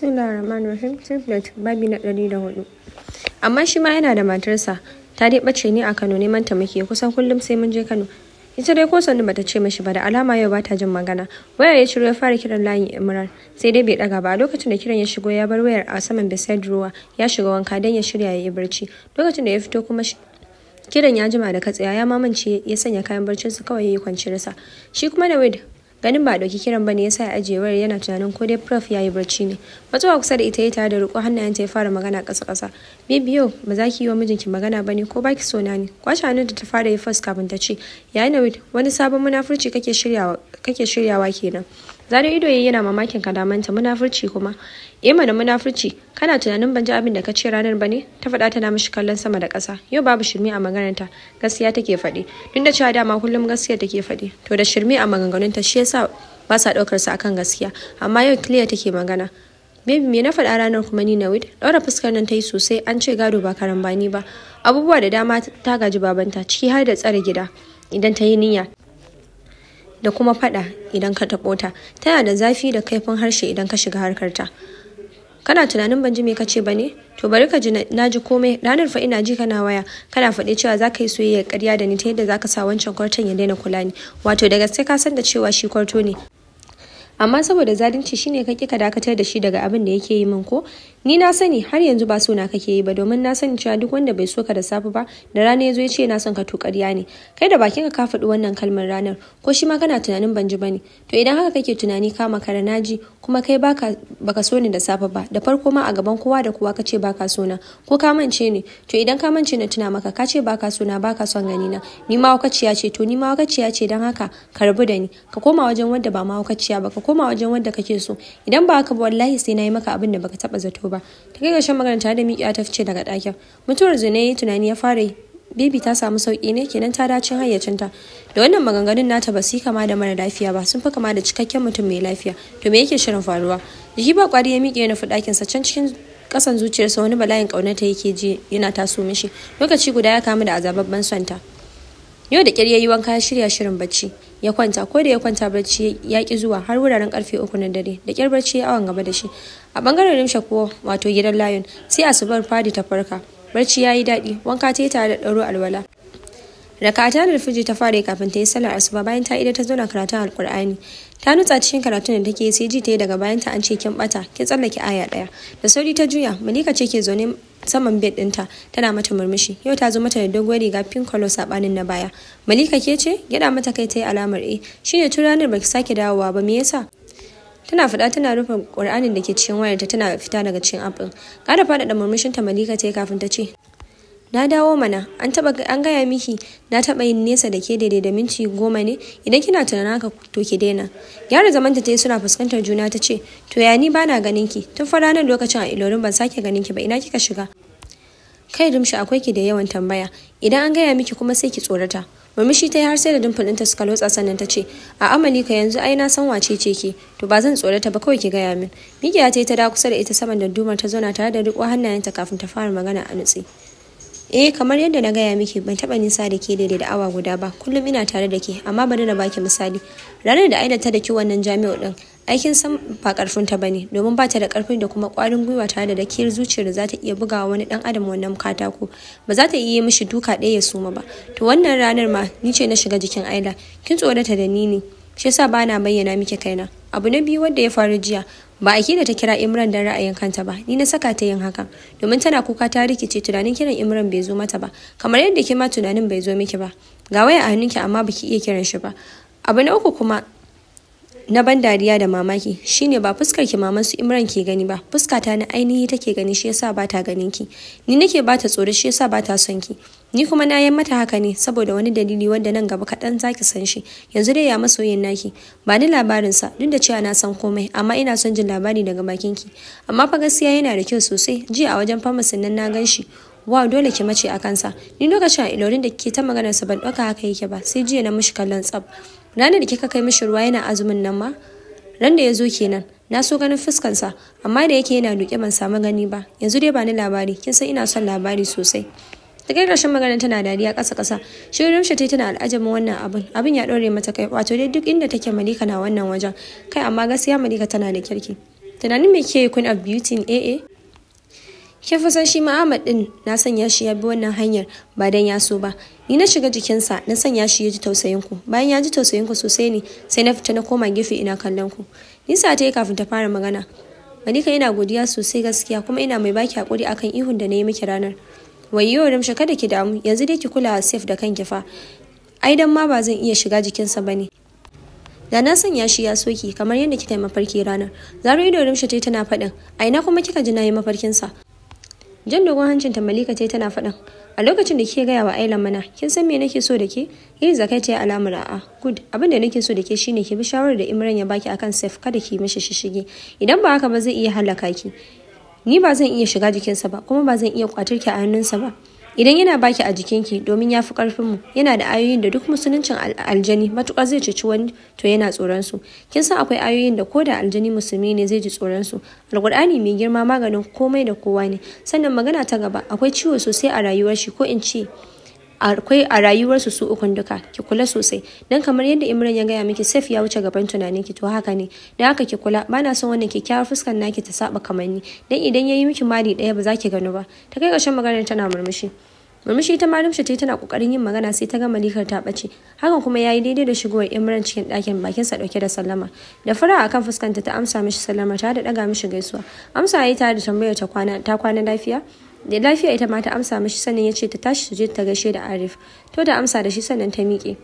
bismillah rahman rahim triplet babi na ɗari da hudu amma shi ma yana da matarsa ta dai bace ne a kano neman ta muke kusan kullum sai mun je kano ita dai ko sandu bata ce mashi ba da alama yau bata jin magana waya ya ciro ya fara kiran layin imran sai dai bai daga ba a lokacin da kiran ya shigo ya bar wayar a saman beside ruwa ya shiga wanka don ya shirya ya yi barci lokacin da ya fito kuma kiran ya jima da katsaya ya mamance ya sanya kayan barcinsa kawai ya yi kwanciyarsa shi kuma da wade ganin ba dauki kiran ba ne ya sa ya ajiye wayar yana tunanin ko dai prof ya yi barci ne matsawa kusa da ita ya tare da riko hannayenta ya fara magana kasa kasa bibiyo ba za ki yi wa mijinki magana ba ne ko ki so na ne kwashe hannun da ta fara yi fas kafin ta ce yayin wani sabon munafurci kake shiryawa kenan zaro ido ya yana mamakin kalamanta munafurci kuma ima eh mana munafurci kana tunanin ban ji abin da ka ce ranar ba ne ta faɗa tana mishi kallon sama da ƙasa yau babu shirmi a maganarta gaskiya take faɗi duk da cewa dama kullum gaskiya take faɗi to da shirmi a maganganunta shi yasa ba sa ɗaukar sa akan gaskiya amma yau clear take magana Baby me na faɗa ranar kuma ni wid ɗaura fuskar nan ta yi sosai an ce gado ba karambani ba abubuwa da dama ta gaji babanta ciki har da tsare gida idan ta yi niyya da kuma faɗa idan ka taɓo ta tana da zafi da kaifin harshe idan ka shiga harkar ta kana tunanin ban ji me kace ne to bari ka ji na ji komai ranar fa ina ji kana waya kana faɗi cewa za ka yi soyayya ƙarya da ni ta yadda za ka sa wancan kwartan ya daina kula ni wato daga sai ka san da cewa shi kwarto ne amma saboda zalunci shine ka ki ka dakatar da shi daga abin da yake yi min ko ni na sani har yanzu ba na kake yi ba domin na sani cewa duk wanda bai so ka da safe ba da rana ya zo ya ce na son ka to ƙarya ne kai da bakin ka faɗi wannan kalmar ranar ko shi ma kana tunanin ban ji ba ne to idan haka kake tunani ka makara ji kuma kai baka baka so ni da safe ba da farko ma a gaban kowa da kowa kace baka so na ko ka mance ne to idan ka mance na tuna maka ka ce baka so na baka son gani na ni ma wakaciya ce to ni ma wakaciya ce dan haka ka rabu da ni ka koma wajen wanda ba ma wakaciya ba ka koma wajen wanda kake so idan ba haka ba wallahi sai na yi maka abin da baka taba zato ba ba ta kai ƙarshen magana tare da miƙiya ta fice daga ɗakin mutuwar zina yi tunani ya fara yi Bibi ta samu sauƙi ne kenan ta dace hayyacinta. Da wannan maganganun nata ba su yi kama da mara lafiya ba, sun fi kama da cikakken mutum mai lafiya. To me yake shirin faruwa? Jiki ba kwari ya miƙe na ɗakin sa can cikin kasan zuciyarsa wani bala'in ta yake ji yana taso mishi. Lokaci guda ya kama da azababban santa Yau da ƙyar ya yi wanka ya shirya shirin bacci. Ya kwanta ko da ya kwanta barci ya ki zuwa har wuraren karfe uku na dare da ƙyar barci ya awon gaba da shi. a bangaren rimsha kuwa wato gidan layon sai asubar fadi ta farka barci ya yi daɗi wanka ta yi tare da ɗauro alwala rakata da fiji ta fara kafin ta yi sallar asuba bayan ta ida ta zo karatun alkur'ani ta nutsa cikin karatun da take sai ji ta yi daga bayan ta an ce kin bata kin tsallake aya daya da sauri ta juya malika ce ke zaune saman bed dinta tana mata murmushi yau ta zo mata da dogon riga pink color sabanin na baya malika ke ce gyada mata kai ta yi alamar e shine tun ranar baki sake dawowa ba me yasa tana faɗa tana rufe qur'anin da ke cikin wayarta tana fita daga cikin abin fada faɗaɗa murmushin ta malika ta yi kafin ta ce na dawo mana an taba an gaya miki na taba yin nesa da ke daidai da minti goma ne idan kina tunanin haka to ki daina gyara zaman ta yi suna fuskantar juna ta ce to ya ni bana ganin ki tun fa ranar lokacin a ilorin ban sake ganin ki ba ina kika shiga kai rumshi akwai ki da yawan tambaya idan an gaya miki kuma sai ki tsorata murmushi ta yi har sai da dimple ɗinta suka lotsa sannan ta ce a amali ka yanzu ai na san wace ce ke to ba zan tsorata ba kawai ki gaya min mikiya ta yi ta da kusa da ita saman dandumar ta zauna tare da riƙo hannayenta kafin ta fara magana a nutse eh kamar yadda na gaya miki ban taɓa nisa da ke daidai da awa guda ba kullum ina tare da ke amma bari na baki misali ranar da aina ta da ki wannan jami'o ɗin. aikin san ba karfin ta bane domin ba ta da karfin da kuma kwarin gwiwa tare da dakiyar zuciyar da za ta iya bugawa wani dan adam wannan katako ba za ta iya mishi duka ɗaya ya suma ba to wannan ranar ma ni ce na shiga jikin aila kin tsorata da ni ne shi yasa ba na bayyana miki kaina abu na biyu wanda ya faru jiya ba a da ta kira imran don ra'ayin kanta ba ni na saka ta yin hakan domin tana kuka ta rikice tunanin kiran imran bai zo mata ba kamar yadda ke ma tunanin bai zo miki ba ga waya a hannunki amma baki iya kiran shi ba abu na uku kuma na ban dariya da mamaki shine ba fuskar ki maman su Imran ke gani ba fuskata na ainihi take gani shi yasa ba ta ganin ki ni nake ba ta tsoro shi yasa ba ta son ki ni kuma na yi mata haka ne saboda wani dalili wanda nan gaba kaɗan zaki san shi yanzu dai ya masoyin naki ba ni labarin sa duk da cewa na san komai amma ina son jin labari daga bakin ki amma fa gaskiya yana da kyau sosai jiya a wajen famasin nan na gan shi wa dole ki mace a kansa ni lokacin a ilorin da kike ta maganarsa ban ɗauka haka yake ba sai jiya na mushi kallon tsab ranar da kika kai mishi ruwa yana azumin nan ma ran da ya zo kenan na so ganin fuskansa amma da yake yana duke ban samu gani ba yanzu dai ba ni labari kin san ina son labari sosai da kai rashin magana tana dariya ƙasa ƙasa shirin shi tana al'ajabin wannan abin abin ya ɗore mata kai wato dai duk inda take malika na wannan wajen kai amma gaskiya malika tana da kirki tunanin me ke queen of beauty in aa ke shi ma din na sanya shi ya bi wannan hanyar ba dan ya so ba ni na shiga jikinsa na sanya shi ya ji tausayin ku bayan ya ji tausayin ku sosai ne sai na fita na koma gefe ina kallon ku nisa ta yi kafin ta fara magana Malika yana godiya sosai gaskiya kuma ina mai baki hakuri akan ihun da na yi miki ranar wayyo ramsha kada ki damu yanzu dai ki kula safe da kanki fa ai dan ma ba zan iya shiga jikinsa bane da na sanya shi ya soki kamar yadda kika yi mafarki ranar zaro ido da tana faɗin aina kuma kika ji na yi mafarkinsa jan dogon hancin ta malika ce tana faɗin a lokacin da ke gaya wa ailan mana kin san me nake so da ke yin zakai ta alamar a'a good abin da nake so da ke shine ki bi shawarar da imran ya baki akan saif kada ki mishi shishige idan ba haka ba zai iya halaka ki ni ba zan iya shiga jikinsa ba kuma ba zan iya kwatar ki a hannunsa ba idan yana baki a jikinki domin ya fi karfinmu yana da ayoyin da duk musuluncin aljani matukar zai ci wani to yana tsoron su kin san akwai ayoyin da ko da aljani musulmi ne zai ji tsoron su alkur'ani mai girma maganin komai da kowa ne sannan magana ta gaba akwai ciwo sosai a rayuwar shi ko in ce akwai a rayuwarsu su ukun duka ki kula sosai dan kamar yadda Imran ya gaya miki sef ya wuce gaban tunanin ki to haka ne dan haka ki kula bana son wannan kyakkyawar fuskar naki ta saba kamanni dan idan yayi miki mari daya ba za ki gano ba ta kai ƙarshen maganar tana murmushi murmushi ita malum tana kokarin yin magana sai ta ga malikar ta bace hakan kuma yayi daidai da shigowar imran cikin dakin bakin sa dauke da sallama da fara akan fuskanta ta amsa mishi sallama ta da daga mishi gaisuwa amsa yayi tare da tambayar ta kwana ta kwana lafiya da lafiya ita ma ta amsa mishi sannan ya ce ta tashi su je ta gaishe da arif to da amsa da shi sannan ta miƙe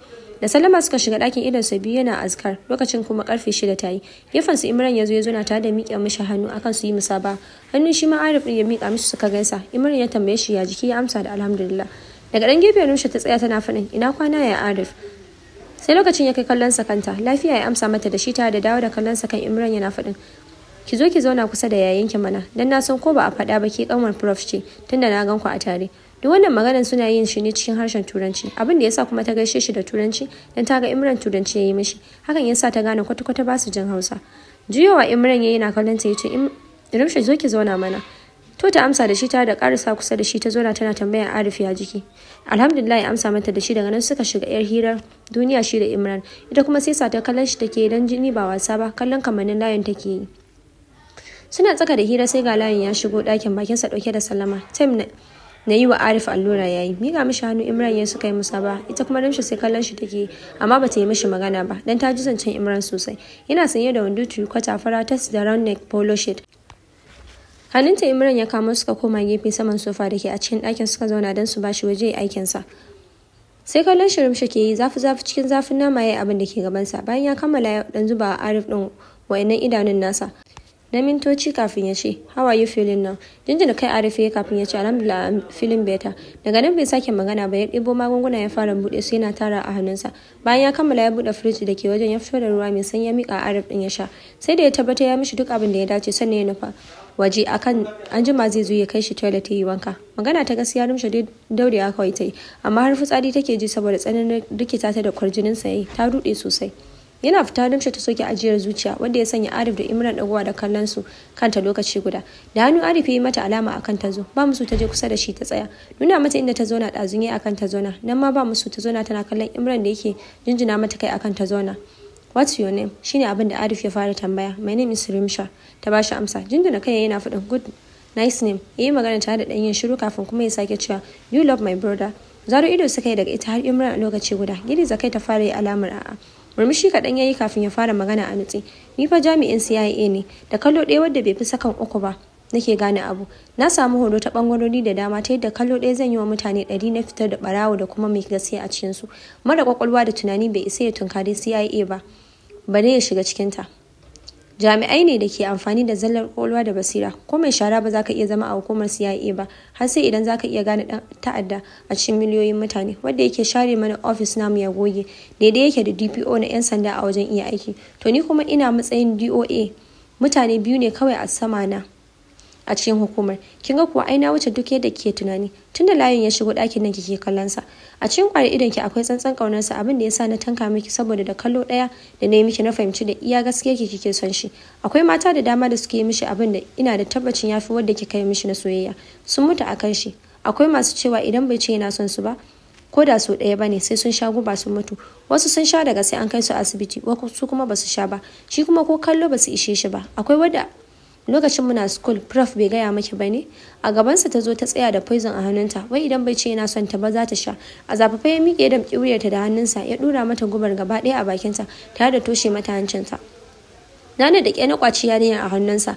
da salama suka shiga ɗakin idan su biyu yana azkar lokacin kuma karfe shida ta yi gefen su imran ya zo ya zo na tare da miƙe mishi hannu akan su yi musaba hannun shi ma arif ya miƙa mishi suka gaisa imran ya tambaye shi ya jiki ya amsa da alhamdulillah daga ɗan gefen rusha ta tsaya tana faɗin ina kwana ya arif sai lokacin ya kai kallon sa kanta lafiya ya amsa mata da shi tare da dawo da kallon sa kan imran yana faɗin ki zo ki zauna kusa da ki mana dan na san ko ba a faɗa ba ke kanwar prof ce tunda na gan ku a tare duk wannan maganar suna yin shi ne cikin harshen turanci abin da yasa kuma ta gaishe shi da turanci dan ta ga imran turanci ya yi mishi hakan yasa ta gane kwata-kwata ba su jin hausa juyowa imran ya na kallon ta yace rumshi zo ki zauna mana to ta amsa da shi ta da karisa kusa da shi ta zauna tana tambayar arif ya jiki alhamdulillah ya amsa mata da shi daga nan suka shiga yar hirar duniya shi da imran ita kuma sai sa ta kallon shi take dan jini ba wasa ba kallon kamannin layin take yi suna tsaka da hira sai ga layin ya shigo ɗakin bakinsa ɗauke da sallama time na yi wa arif allura yayi miga mishi hannu imran ya suka yi musa ba ita kuma damshi sai kallon shi take amma bata yi mishi magana ba dan ta ji zancen imran sosai yana sanye da wando kwata fara ta da round neck polo shirt hannunta imran ya kama suka koma gefe saman sofa da ke a cikin ɗakin suka zauna don su bashi waje aikinsa sai kallon shi shi ke yi zafi zafi cikin zafin nama ya abin da ke gabansa bayan ya kammala ya dan zuba arif din wayannan idanun nasa na mintoci kafin ya ce how are you feeling now jinjina kai a ya kafin ya ce alhamdulillah I'm feeling better daga nan bai sake magana ba ya ɗibo magunguna ya fara buɗe sai yana tara a hannunsa bayan ya kammala ya buɗe firiji da ke wajen ya fito da ruwa mai sanyi ya mika arif ɗin ya sha sai da ya tabbatar ya mishi duk abin da ya dace sannan ya nufa waje akan an ma zai zo ya kai shi toilet yi wanka magana ta gaskiya ya dai daure ya kawai ta amma har fitsari take ji saboda tsananin rikita ta da kwarjinin sa ta ruɗe sosai yana fita damshe ta soke ajiyar zuciya wanda ya sanya arif da imran dagowa da kallon su kanta lokaci guda da hannu arif yi mata alama a kan tazo. ba musu ta je kusa da shi ta tsaya nuna mata inda ta zauna ɗazunye akan ta zauna nan ma ba musu ta zauna tana kallon imran da yake jinjina mata kai akan ta zauna What's your name? Shine abin da Arif ya fara tambaya. My name is Rimsha. Ta ba shi amsa. Jinjina kai yana faɗin good nice name. Yayi magana tare da ɗanyen shiru kafin kuma ya sake cewa you love my brother. Zaro ido suka yi daga ita har Imran a lokaci guda. Gidi zakai ta fara yi alamar a'a. murmushi kaɗan yayi kafin ya fara magana a nutse ni fa jami'in cia ne da kallo ɗaya wadda bai fi sakan uku ba nake gane abu na samu horo ta bangarori da dama ta yadda kallo ɗaya zan yi wa mutane ɗari na fitar da ɓarawo da kuma mai gaskiya a cikinsu mara kwakwalwa da tunani bai isa ya tunkari cia ba bare ya shiga cikinta jami'ai ne da ke amfani da zallar kolwa da basira ko mai shara ba za ka iya zama a hukumar CIA ba har sai idan za ka iya gane dan ta'adda a cikin miliyoyin mutane wanda yake share mana ofis namu ya goge daidai yake da DPO na 'yan sanda a wajen iya aiki to ni kuma ina matsayin DOA mutane biyu ne kawai a sama na a cikin hukumar kin ga kuwa ai na wuce duk yadda kike tunani tunda layin ya shigo ɗakin nan kike kallon sa a cikin kwari idan ki akwai tsantsan kaunar sa abin da yasa na tanka miki saboda da kallo daya da nayi miki na fahimci da iya gaskiya ki kike son shi akwai mata da dama da suke mishi abin da ina da tabbacin yafi wanda kika yi mishi na soyayya sun mutu akan shi akwai masu cewa idan bai ce yana son su ba ko da su ɗaya bane sai sun sha guba sun mutu wasu sun sha daga sai an kai su asibiti wasu kuma basu sha ba shi kuma ko kallo basu ishe shi ba akwai wadda lokacin muna school prof bai gaya ba ne? a gabansa ta zo ta tsaya da poison a hannunta wai idan bai ce yana son ta ba za ta sha a zafafa ya miƙe da ƙiwuyarta da hannunsa ya ɗura mata gubar gaba ɗaya a bakinta tare da toshe mata hancinta nana da ƙya na ƙwaci yarinyar a hannunsa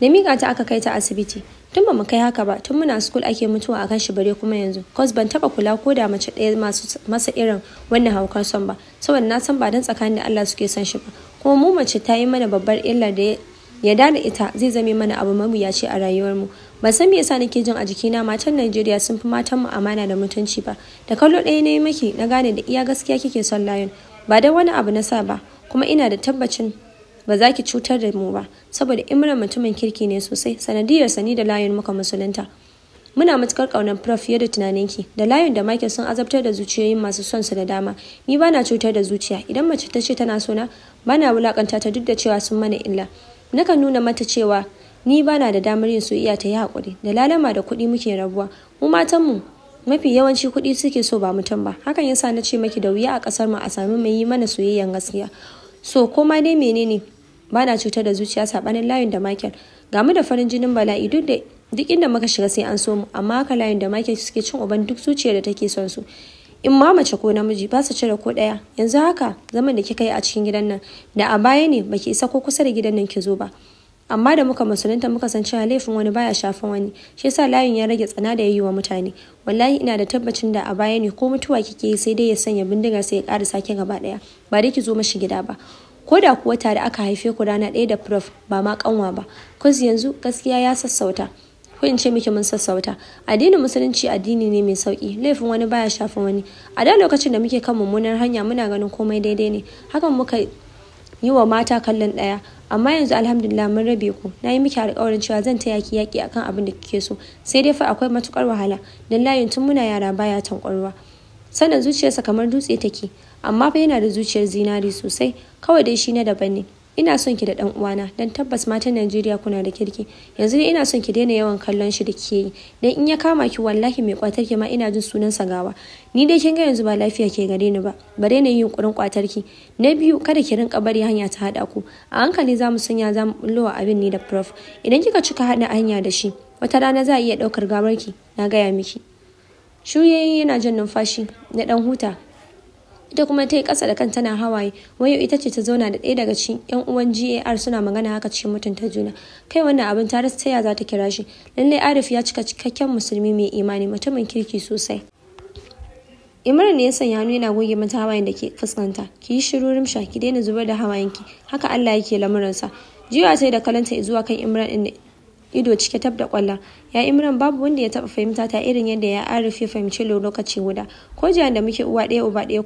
da miƙa ta aka kai ta asibiti tun ba mu kai haka ba tun muna school ake mutuwa a kan shi bare kuma yanzu cos ban taba kula ko da mace ɗaya masu masa irin wannan haukar son ba saboda na san ba don tsakanin da Allah suke son shi ba kuma mu mace ta yi mana babbar illar da yarda da ita zai zame mana abu ce a rayuwarmu ban san me yasa nake jin a jikina matan Najeriya sun fi matan mu amana da mutunci ba da kallo ɗaya na yi maki na gane da iya gaskiya kike son layin ba da wani abu na sa ba kuma ina da tabbacin ba za ki cutar da mu ba saboda imran mutumin kirki ne sosai sanadiyar sani da layin muka musulunta muna matukar kaunar prof fiye da tunaninki da layin da michael sun azabtar da zuciyoyin masu son su da dama ni bana cutar da zuciya idan mace ta ce tana sona bana wulakanta ta duk da cewa sun mana illa nakan nuna mata cewa ni bana da damar yin soyayya ta yi haƙuri da lalama da kuɗi muke rabuwa mu matanmu mafi yawanci kuɗi suke so ba mutum ba hakan yasa na ce maki da wuya a ƙasar mu a sami mai yi mana soyayyan gaskiya so koma dai menene bana cutar da zuciya saɓanin layin da makel gamu da farin jinin bala'i duk da duk inda muka shiga sai an so mu amma haka layin da makel suke cin uban duk zuciyar da take son su in ma mace ko namiji ba su cire ko ɗaya yanzu haka zaman da kika yi a cikin gidan nan da a baya ne baki isa ko kusa da gidan nan ki zo ba amma da muka musulunta muka san cewa laifin wani baya shafan wani shi yasa layin ya rage tsana da yayi wa mutane wallahi ina da tabbacin da a baya ne ko mutuwa kike yi sai dai ya sanya bindiga sai ya ƙara sake gaba ɗaya ba dai ki zo mashi gida ba ko da kuwa tare aka haife ku rana ɗaya da prof ba ma kanwa ba kus yanzu gaskiya ya sassauta ko in ce miki mun sassauta addinin musulunci addini ne mai sauki laifin wani baya shafin wani a da lokacin da muke kan mummunar hanya muna ganin komai daidai ne hakan muka yi wa mata kallon ɗaya amma yanzu alhamdulillah mun rabe ku na yi miki alƙawarin cewa zan taya ki yaƙi akan abin da kike so sai dai fa akwai matukar wahala dan layin tun muna yara baya tankwarwa sannan zuciyarsa kamar dutse take amma fa yana da zuciyar zinari sosai kawai dai shi na daban ne ina son ki da dan uwana dan tabbas matan Najeriya kuna da kirki yanzu ne ina son ki daina yawan kallon shi da ke yi dan in ya kama ki wallahi mai kwatar ki ma ina jin sunan sa gawa ni dai kin ga yanzu ba lafiya ke gare ni ba ba daina yin kurin kwatar ki na biyu kada ki rinka bari hanya ta hada ku a hankali zamu sanya zamu bullowa abin ni da prof idan kika cika hada hanya da shi wata rana za a iya daukar ki na gaya miki shuyayi yana jan numfashi na dan huta ita kuma ta yi ƙasa da kanta na hawaye wayo ita ce ta zauna da ɗaya daga cikin yan uwan gar suna magana haka cikin mutunta juna kai wannan abin ta rasa taya za ta kira shi lallai arif ya cika cikakken musulmi mai imani mutumin kirki sosai imran ne ya sanya hannu yana goge mata hawayen da ke fuskanta ki yi shiru rimsha ki daina zubar da hawayenki haka allah yake lamuransa jiwa ta yi da kalanta zuwa kan imran ɗin ido cike tab da kwallon ya imran babu wanda ya taba fahimta ta irin yadda ya arif ya fahimci lokaci guda ko jiyan da muke uwa ɗaya uba ɗaya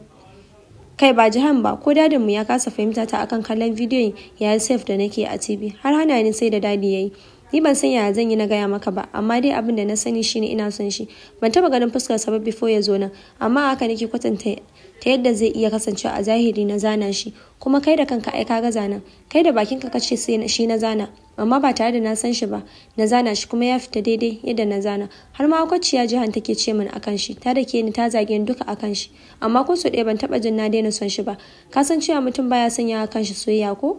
kai ba jihan ba ko dadinmu ya kasa fahimta ta akan kallon bidiyon ya yi sef da nake a tv har hana ni sai da dadi ya yi ni ban san yaya zan yi na gaya maka ba amma dai abin da na sani shine ina son shi ban taba ganin fuskar sa ba before ya zo nan amma haka nake kwatanta ta yadda zai iya kasancewa a zahiri na zana shi kuma kai da kanka ai ka ga zanen kai da bakinka kace sai shi na zana amma ba tare da na san shi ba na zana shi kuma ya fita daidai yadda na zana har ma kwaciya jihan take ce min akan shi ta dake ni ta zage ni duka akan shi amma ko so ɗaya ban taba jin na daina son shi ba ka san cewa mutum baya sanya akan shi soyayya ko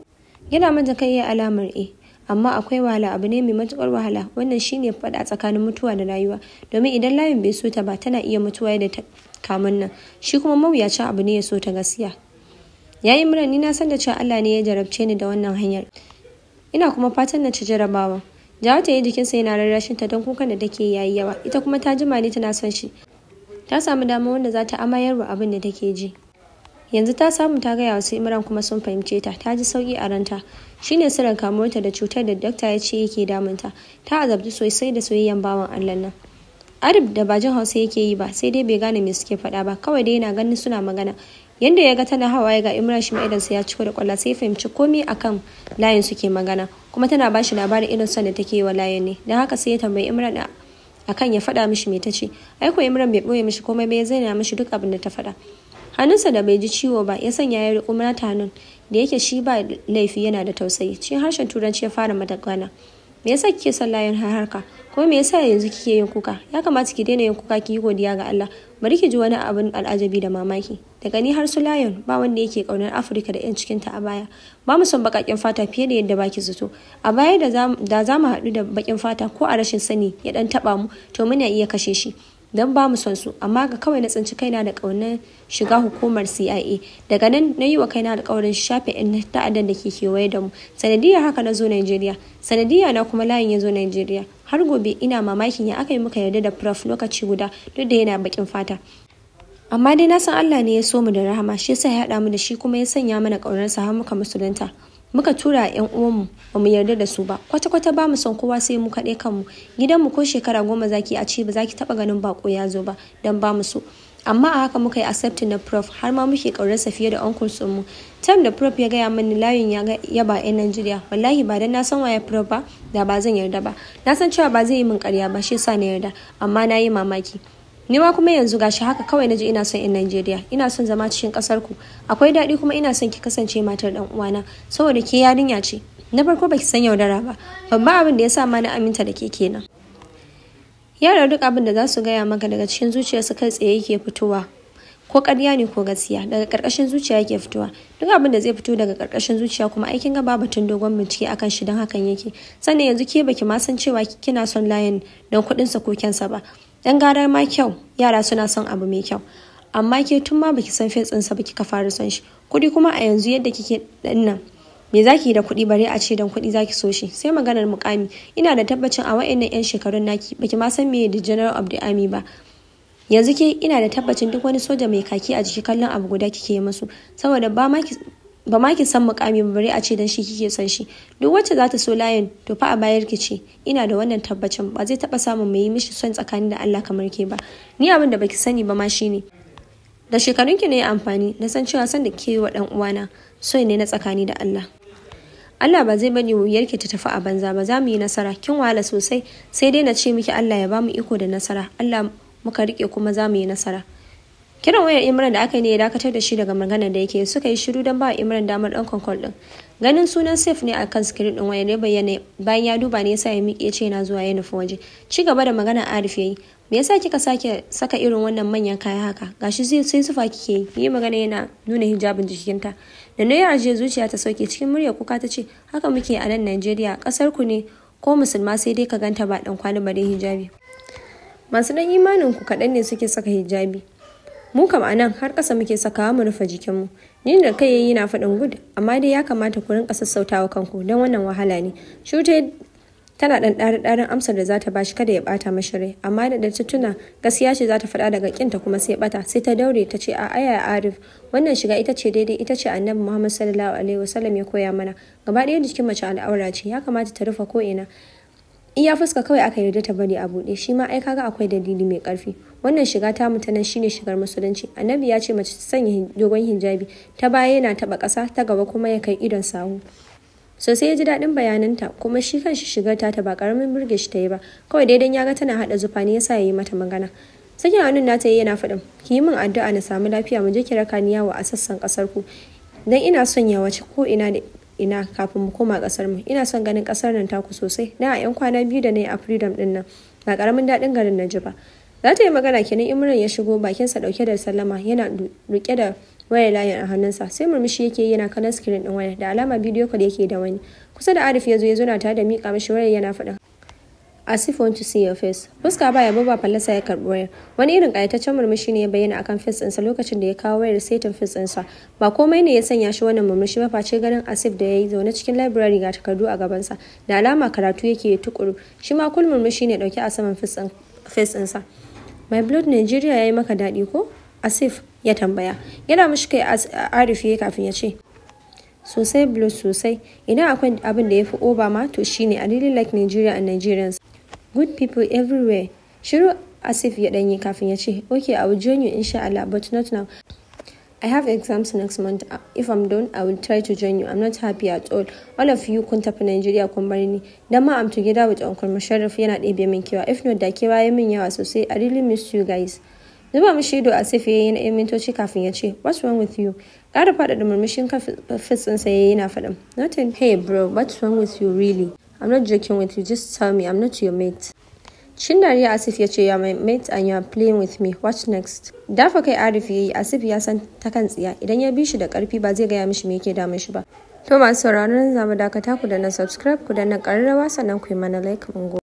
yana manta kai ya alamar e amma akwai wahala abu ne mai matukar wahala wannan shine faɗa tsakanin mutuwa da rayuwa domin idan layin bai so ta ba tana iya mutuwa yadda ta kamun nan shi kuma mawuyacin abu ne ya so ta gaskiya yayi murna ni na san da cewa Allah ne ya jarabce ni da wannan hanyar ina kuma fatan na ci jarabawa jawa ta yi jikinsa yana rarrashin ta don kukan da take yayi yawa ita kuma ta jima ne tana son shi ta samu dama wanda za ta wa abin da take ji yanzu ta samu ta gaya wasu imran kuma sun fahimce ta ta ji sauki a ranta shine sirrin kamuwarta da cutar da dakta ya ce yake damunta ta azabci sosai da soyayyen bawan allah nan arif da ba jin hausa yake yi ba sai dai bai gane me suke faɗa ba kawai dai yana ganin suna magana yanda ya ga tana hawaye ga imran shi sa ya ciko da kwalla sai fahimci komai akan layin suke magana kuma tana bashi labarin irin son da take wa layin ne don haka sai ya tambayi imran akan ya faɗa mishi me tace ai ko imran bai boye mishi komai ba ya zaina mishi duk abin da ta faɗa hannunsa da bai ji ciwo ba ya sanya ya riƙo mata hannun da yake shi ba laifi yana da tausayi cikin harshen turanci ya fara mata gana me yasa kike son layin harka ko me yasa yanzu kike yin kuka ya kamata ki daina yin kuka ki yi godiya ga Allah bari ki ji wani abin al'ajabi da mamaki daga ni har su lion ba wanda yake kaunar afirka da 'yan cikinta a baya ba mu son bakakin fata fiye da yadda baki zato a baya da za mu haɗu da bakin fata ko a rashin sani ya ɗan taɓa mu to muna iya kashe shi don ba mu son su amma ga kawai na tsinci kaina da ƙaunar shiga hukumar CIA daga nan na yi wa kaina alƙawarin shafe in ta'addan da ke kewaye da mu sanadiyar haka na zo Najeriya sanadiyar na kuma layin ya zo Najeriya har gobe ina mamakin ya aka yi muka yarda da prof lokaci guda duk da yana bakin fata amma dai na san Allah ne ya so mu da rahama shi yasa ya haɗa mu da shi kuma ya sanya mana sa har muka musulunta muka tura yan uwanmu ba mu yarda da su ba kwata kwata ba mu son kowa sai mu kaɗai kanmu gidanmu ko shekara goma zaki a ce ba za ki taɓa ganin bako ya zo ba don ba mu so amma a haka muka yi accepting na prof har ma muke sa fiye da uncles mu tam da prof ya gaya mani layin ya ba yan Najeriya wallahi ba dan na san waye prof ba da ba zan yarda ba na san cewa ba zai yi min ƙarya ba shi sa na yarda amma na yi mamaki nima kuma yanzu gashi haka kawai naji ina son in Najeriya ina son zama cikin kasar ku akwai daɗi kuma ina son ki kasance matar dan uwana saboda ke yarinya ce na farko baki san yaudara ba babba abin da ya sa ma na aminta da ke kenan yara duk abin da za su gaya maka daga cikin su kai tsaye yake fitowa ko ƙarya ne ko gaskiya daga ƙarƙashin zuciya yake fitowa duk abin da zai fito daga ƙarƙashin zuciya kuma aikin gaba tun dogon bincike akan shi don hakan yake sannan yanzu ke baki ma san cewa kina son layin don kuɗinsa ko kensa ba dan gara ma kyau yara suna son abu mai kyau amma ke tun ma baki san sa ba kika fara son shi kuɗi kuma a yanzu yadda kike nan me zaki yi da kuɗi bare a ce dan kuɗi zaki so shi sai maganar mukami ina da tabbacin a wayannan yan shekarun naki baki ma san me da general of the army ba yanzu ke ina da tabbacin duk wani soja mai kaki a jiki kallon abu guda kike yi masu saboda ba ma ba ma ki san mukami ba bari a ce dan shi kike son shi duk wacce za ta so layin to fa a bayar ki ce ina da wannan tabbacin ba zai taba samun mai yi mishi son tsakani da Allah kamar ke ba ni abin da baki sani ba ma ne. da shekarun ki ne amfani na san cewa san da ke wa dan uwana so ne na tsakani da Allah Allah ba zai bani wuyar ki ta tafi a banza ba za mu yi nasara kin wahala sosai sai dai na ce miki Allah ya bamu iko da nasara Allah muka rike kuma za mu yi nasara kiran wayar imran da aka yi ne ya dakatar da shi daga maganar da yake suka yi shiru don ba imran damar ɗaukan kwal ɗin ganin sunan safe ne a kan sikirin ɗin wayar ya bayyana bayan ya duba ne yasa ya miƙe ce yana zuwa ya nufi waje ci gaba da magana arif ya yi me yasa kika sake saka irin wannan manyan kaya haka gashi zai sai sufa kike yi yi magana yana nuna hijabin jikinta da na yarje zuciya ta sauke cikin murya kuka ta ce haka muke a nan Najeriya kasar ku ne ko musulma sai dai ka ganta ba ɗan kwali bare hijabi masu ɗan imanin ku kaɗan ne suke saka hijabi mu kam a nan har kasa muke sakawa mu rufe jikinmu ni da kai yayi na faɗin gud amma dai ya kamata ku rinka sassautawa kanku don wannan wahala ne shute tana ɗan ɗari ɗarin amsar da za ta bashi kada ya ɓata mashi rai amma da ta tuna gaskiya ce za ta faɗa daga ƙinta kuma sai ɓata sai ta daure ta ce a aya arif wannan shiga ita ce daidai ita ce annabi muhammad sallallahu alaihi wasallam ya koya mana gaba ɗaya jikin mace al'aura ce ya kamata ta rufe ko ina iya fuska kawai aka yarda ta bari a buɗe shi ma ai kaga akwai dalili mai ƙarfi wannan shiga ta mu nan shine shigar musulunci annabi ya ce mace ta sanya dogon hijabi ta baya yana taba ƙasa ta gaba kuma ya kai idon sawu sosai ya ji daɗin bayananta kuma shi kan kanshi shigar ta ta ba ƙaramin burge shi ta yi ba kawai daidan ya ga tana haɗa zufa ne yasa ya yi mata magana sakin hannun nata yi yana faɗin ki yi min addu'a na samu lafiya mu je ki raka ni yawo a sassan ƙasar ku dan ina son ya wace ko ina da ina kafin mu koma kasar mu ina son ganin ƙasar nan taku sosai na a yan kwana biyu da na yi a freedom din nan ba karamin daɗin garin na ji ba za ta yi magana kenan imran ya shigo bakinsa dauke da sallama yana rike da wayar layin a hannunsa sai murmushi yake yi yana kallon screen din wayar da alama bidiyo call yake da wani kusa da arif ya zo ya na tare da mika mishi wayar yana faɗa asif want to see your face fuska ba ya baba fallasa ya karbi wayar wani irin kayataccen murmushi ne ya bayyana akan face ɗinsa lokacin da ya kawo wayar setin face ɗinsa ba komai ne ya sanya shi wannan murmushi ba face ganin asif da ya yi zaune cikin library ga takardu a gabansa da alama karatu yake tukuru shi ma kul murmushi ne dauke a saman face ɗinsa my blood nigeria ya yi maka daɗi ko asif ya tambaya yana mishi kai ya kafin ya ce sosai blood sosai idan akwai abin da ya fi ma to shine i really like nigeria and nigerians good people everywhere shiru asif ya ɗanyi kafin ya ce okay i will join you insha but not now I have exams next month. If I'm done, I will try to join you. I'm not happy at all. All of you kun tafi Nigeria kun bar ni. Dama I'm together with Uncle Musharraf yana ɗebe min If not Dakiwa, i mean, min yawa I really miss you guys. Zuba mishi ido if you yayi in mintoci kafin ya ce, "What's wrong with you?" Ƙara faɗaɗa murmushin and say, yayi yana them. "Nothing. Hey bro, what's wrong with you really? I'm not joking with you. Just tell me. I'm not your mate." Shin dariya Asif ya ce, "Ya my mate and you are playing with me, what next?" Dafa kai Arif ya yi, Asif ya san ta kan tsiya, idan ya bi shi da karfi ba zai gaya mishi me yake damun shi ba. To masu sauraron zamu dakata ku da na subscribe ku da na ƙararrawa sannan ku yi mana like ungo.